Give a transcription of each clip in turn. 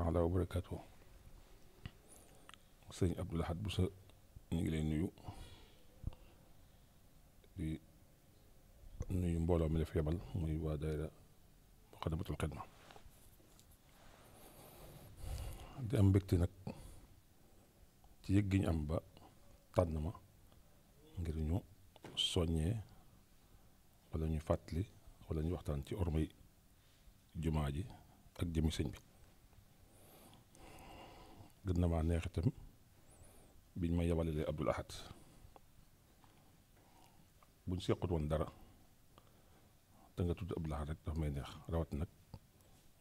taala wa barakaatu sëñ Abdou Lahad Bousso ñu ngi lay nuyu di nuyu mbooloo mi la fi yebal muy waa daayira Muqaddamatul Xidma di am mbégte nag ci yëg gi ñu am ba tànn ma ngir ñu soññee wala ñu fàttali wala ñu waxtaan ci ormay jumaa ji ak jëmi sëñ bi gën na maa neex itam biñ ma yabalalee Abdul Ahad buñ sequt woon dara te nga tudd Abdul Ahad rek daf may neex rawat nag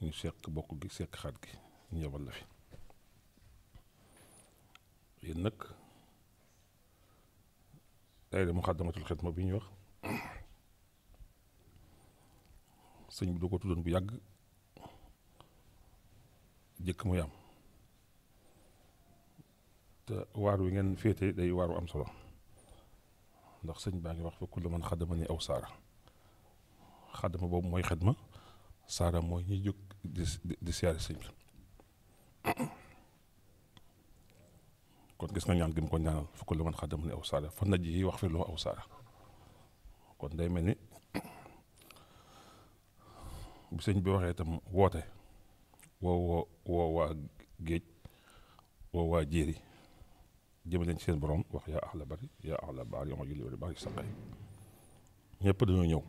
ñu seq bokk gi seq xaat gi ñu yabal la fi yéen nag daayira Muxaddamatul Xidma bi ñu wax sëñ bi doo ko tuddoon bu yàgg jëkk muy am te wi ngeen féete day waar wu am solo ndax sëñ baa ngi wax fa kullu man xadama ni aw saara xadama boobu mooy xadma saara mooy ñuy jóg di di siyaare sëñ kon gis nga ñaan gi mu ko ñaanal fa kullu man xadama ni aw saara fa naj yi wax loo aw saara kon day mel ni bu sëñ bi waxee itam woote woo woo woo waa géej jëme leen ci seen borom wax yaa ax la bari yaa ax la baar yo ma julli wari baar dañoo ñëw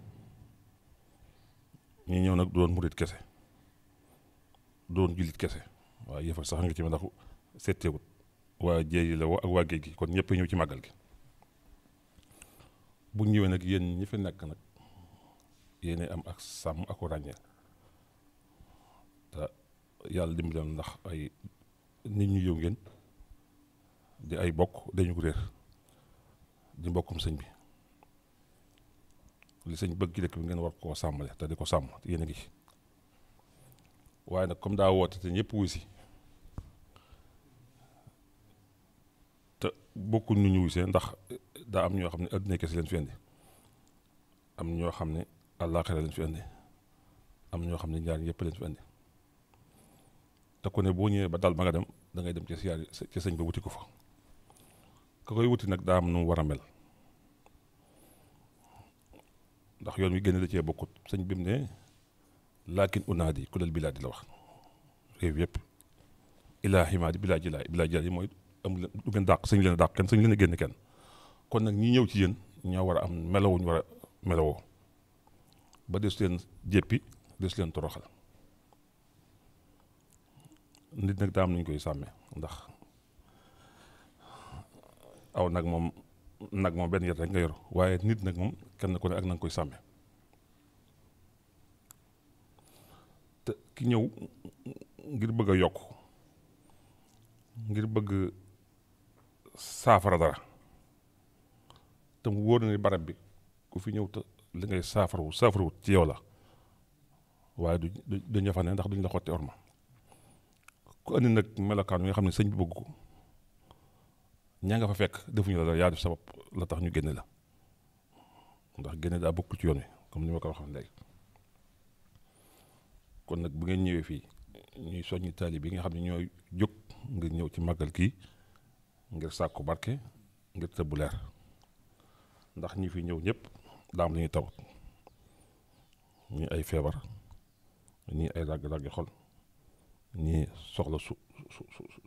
ñu ñëw nag doon murit kese doon jullit kese waaye yëfal sax nga ci ma ndax settewut waa jéeyi la woo ak kon ñëpp ñëw ci màggal gi bu ñëwee nag yéen ñi fi nag yéen am ak sàmm ak ràññeel te yàlla dimbali ndax ay nit ñu yëw ngeen di ay bokk dañu ko di mbokkum sëñ bi li sëñ bëgg ci dëkk bi ngeen war koo sàmmale te di ko sàmm yéen a ngi waaye nag comme daa woote te ñëpp wuy si te bokkul ñu ñu wuy ndax daa am ñoo xam ne adduna kese leen fi indi am ñoo xam ne àllaaxira leen fi indi am ñoo xam ne ñaar yëpp leen fi indi te ku ne boo ñëwee ba dal ba nga dem da ngay dem ci siyaar ci sëñ ba wuti ko fa ku koy wuti nag daa am nu war a mel ndax yoon wi génn da cee bokkut sëñ bi mu ne laakin unaadi kulal bilaa di la wax réew yëpp ilaa himaadi bilaa jilaay bilaa jilaay mooy am leen du ngeen dàq sëñ leen dàq kenn sëñ leen génn kenn kon nag ñi ñëw ci yéen ñoo war a am meloo ñu war a ba des leen jéppi des leen toroxal nag daa am koy sàmme ndax aw nag moom nag moom benn yar rek nga yor waaye nit nag moom kenn ku ne ak na nga koy sàmme te ki ñëw ngir bëgg a yokk ngir bëgg saafara dara te mu wóor na ni barab bi ku fi ñëw te li ngay saafarawu saafarawut ci yow la waaye du du ndax duñ la xotti orma ku andi nag melokaan yi nga xam ne sëñ bi ña nga fa fekk defuñu la dara yaa def sabab la tax ñu génne la ndax génne daa bokkul ci yoon wi comme ni ma ko waxoon léegi kon nag bu ngeen ñëwee fii ñuy soññi taalibe yi nga xam ne ñooy jóg ngir ñëw ci màggal kii ngir sàkku barke ngir tëbb leer ndax ñi fi ñëw ñëpp daam la ñuy tawat ay feebar ñii ay ràgg-ràggi xol ñii soxla su su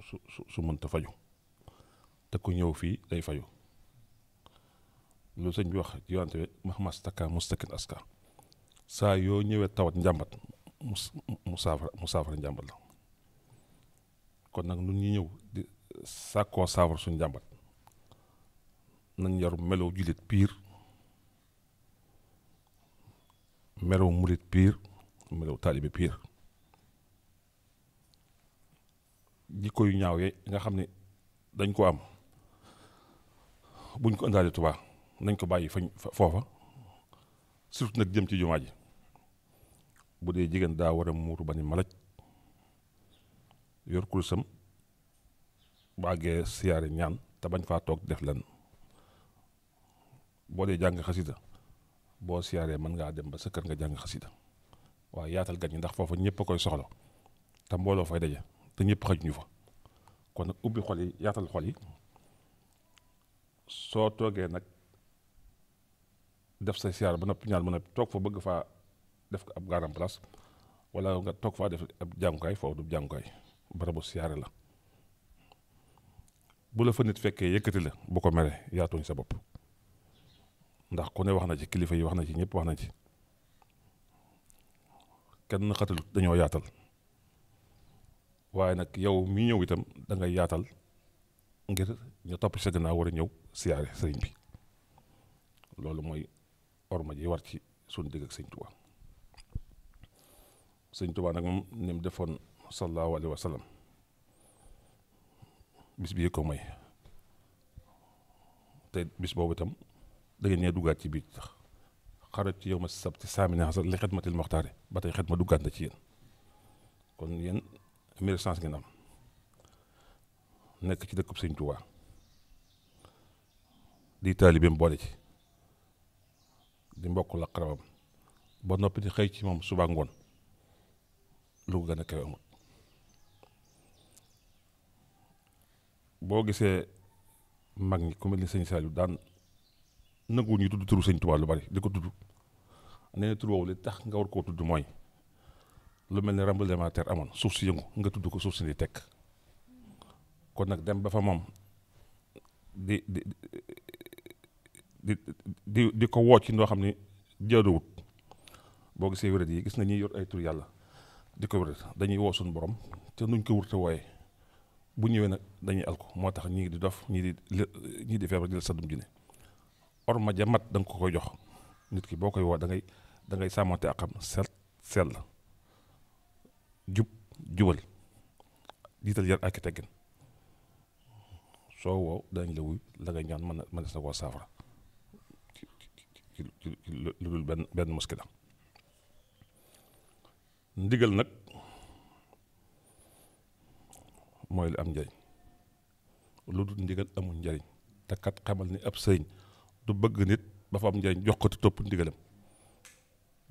su su su mënta faju te ñëw fii day fayu loolu sëñ bi wax ci wante maxmas takka mustakin aska saa yoo ñëwee tawat njàmbat mu saafara mu njàmbat la kon nag nun ñi ñëw di sàkkoo saafara suñ njàmbat nag njaru melow jullit piir melow murit piir melow taalibe piir jikko yu ñaaw ye nga xam ne dañ ko am buñ ko indaale Touba nañ ko bàyyi fañ foofa surtout nag jëm ci jumaa ji bu dee jigéen daa war a muuru ba ni malaj yor kursam baagee siyaare ñaan te bañ faa toog def leen boo dee jàng xasida boo siyaaree mën ngaa dem ba sa kër nga jàng xasida waaye yaatal gan ñi ndax foofa ñëpp koy soxla te mbooloo fay daje te ñëpp xaj ñu fa kon nag ubbi xol yaatal xol yi soo toogee nag def sa siyaar ba noppi ñaan ba noppi toog fa bëgg faa def ko ab garam place wala nga toog faa def ab jàngukaay foofu du jàngukaay barabu siyaare la bu la fa nit fekkee yëkkati la bu ko meree yaa tooñ sa bopp ndax ku ne wax na ci kilifa yi wax na ci ñëpp wax na ci kenn xatalut dañoo yaatal waaye nag yow mi ñëw itam dangay yaatal ngir ñu topp sa gannaaw war a ñëw siyaare sëriñ bi loolu mooy orma ji war ci suñu digg ak sëñ Tuubaa sëñ Tuubaa nag moom ni mu defoon sallallahu alayhi wa sallam bis bii ko may te bis boobu itam da ngeen ñee duggaat ci biir tax xarat ci yow ma sabti saamina xasal li xidmatil moxtaare ba tey xidma duggaat na ci yéen kon yéen mille chance ngeen am nekk ci dëkkub sëñ Touba di taalibeem boole ci di mbokk la xarabam ba noppi di xëy ci moom suba ngoon lu ko gën a kawe boo gisee mag ñi ku mel ni sëñ Saliou daan nanguwu ñu tudd turu sëñ Touba lu bari di ko tudd nee na tur li tax nga war koo tudd mooy lu mel ni tremblement de terre amoon suuf si yëngu nga tudd ko suuf si di tekk kon nag dem ba fa moom di di di di ko woo ci ndoo xam ne jaaduwut boo gisee wérat yi gis na ñuy yor ay tur yàlla di ko wérat dañuy woo suñu borom te nuñ ko wurte wooyee bu ñëwee nag dañuy alko moo tax ñii di dof ñii di ñii di feebar di la saddum jine or ma ja mat da ko koy jox nit ki boo koy woo dangay dangay da ngay sàmmante ak xam sel sel la jub jubal jiital yar ak teggin soo woo danañ la wuy la nga ñaan mën na mën na koo saafara lu dul benn benn ndigal nag mooy li am njariñ lu dul ndigal amul njariñ te kat ni ab sëriñ du bëgg nit ba fa am njariñ jox ko te topp ndigalam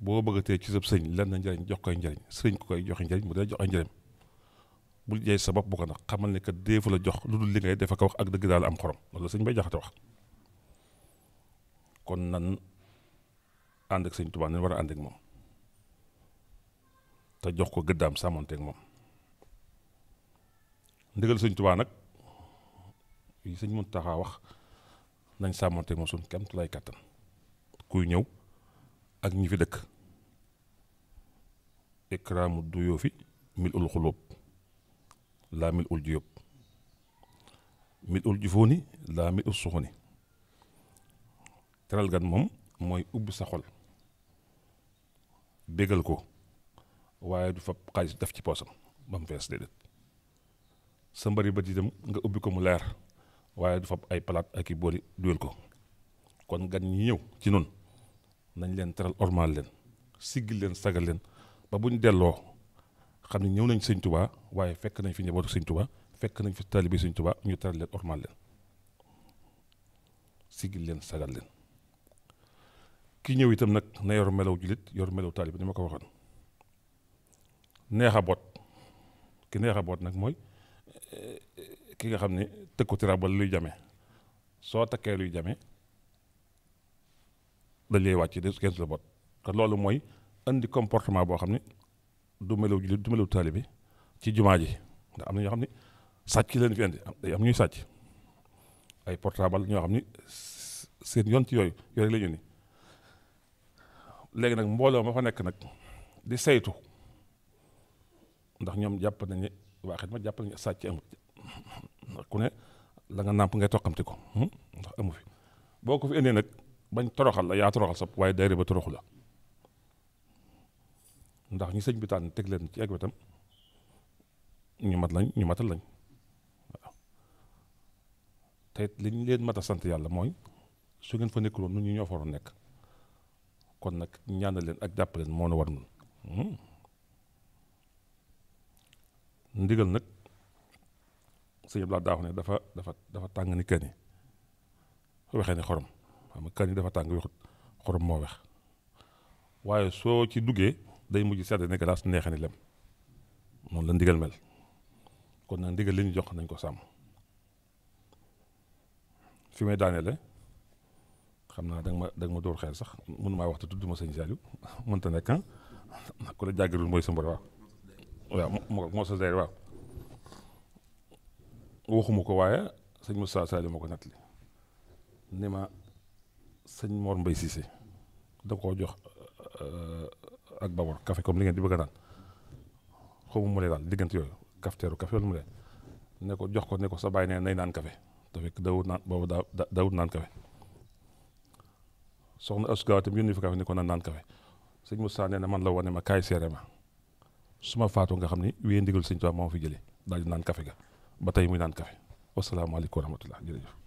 boo bëggatee ci sab sëriñ lan na njariñ jox koy njariñ sëriñ ku koy joxe njariñ mu dee jox ay njariñ bul jaay sa bopp bu ko nag xamal ne que deefu jox ludul dul li ngay defa ko wax ak dëgg daal am xorom loolu sëñ bay jaxate wax kon nan ànd ak sëñ Tuubaa nañ war a ànd ak moom te jox ko gëddaam sàmmonteeg moom ndigal sëñ Tuubaa nag yi sëñ Muntaxa wax nañ sàmmonteeg moom suñ kem tu lay kàttan kuy ñëw ak ñi fi dëkk ikraamu duyoo fi ul xulóob laa mil ul juyub mil ul jufooni laa mil ul suxuni teral gan moom mooy ubb sa xol bégal ko waaye du fab xaalis def ci poosam ba mu fees déedéet sa mbari bët itam nga ubbi ko mu leer waaye du fab ay palaat ak i booli duyal ko kon gan ñi ñëw ci noonu nañ leen teral ormaal leen siggil leen sagal leen ba buñ delloo xam ne ñëw nañ sëñ tubaa waaye fekk nañ fi njabootu sëñ tubaa fekk nañ fi taalibe sëñ tubaa ñu taral leen ormal leen sigil leen sagal leen ki ñëw itam nag na yor melaw jullit yor melaw taalibe ni ma ko waxoon neex a bot ki neex a boot nag mooy eh, ki nga xam ne tëkku tirabal luy jame soo takkee luy jame dañ lay wàcc de kenn te loolu mooy indi comportement boo xam ne du melaw du melaw taalibe ci jumaa ji ndax am na ñoo xam ne sàcc leen fi indi am ñuy sàcc ay portable ñoo xam ne seen yoon ci yooyu yooyu la ñu ni léegi nag mbooloo ma fa nekk nag di saytu ndax ñoom jàpp nañu waa xet ma jàpp nañu sàcc amul ndax ku ne la nga nàmp ngay toqamti ko hmm? ndax amu fi boo ko fi indee nag bañ toroxal la yaa toroxal sa waaye dayre ba toroxu la ndax ñu sëñ bi tànn teg leen ci wetam ñu mat lañ ñu matal lañ waaw li leen mat a sant yàlla mooy su ngeen fa nekkuloon nu ñu ñoo fa waroon nekk kon nag ñaanal leen ak jàpp leen moo na war nun hmm. ndigal nag sëñ Abdoulaye daa ne dafa dafa dafa tàng ni kani waxee ne xorom xam nga kani dafa tàng wexut xorom moo wex waaye soo ci duggee day mujj sedd ne glace neexe lem noonu la ndigal mel kon nag ndigal li jox nañ ko sàmm fi may daaneele xam naa danga ma danga ma dóor xel sax mënu maa waxtu tudd ma sëñ Saliou mënta nekk ah ku la jàggarul mooy sëmbar waaw waaw moo moo sa dayr waaw waxuma ko waaye sëñ Moussa Saliou ma ko nettali ni ma sëñ Mor Mbaye Cissé da jox euh, ak Bawol café comme li ngeen di bëgg a naan xaw ma mu lee daal diggante yooyu cafetière café wala mu lee ko jox ko ne ko sa bàyyi ne nay naan café te fekk dawut naan boobu daa dawut naan café soxna Asou Gawa itam yónni fa café ne ko naan naan café Moussa nee na man la wane ma kaay seere ma su ma faatoo nga xam ni wéy ndigal sëñ Tuubaa moo fi jëlee daal di naan café ga ba tey muy naan café wasalaamaaleykum wa rahmatulah jërëjëf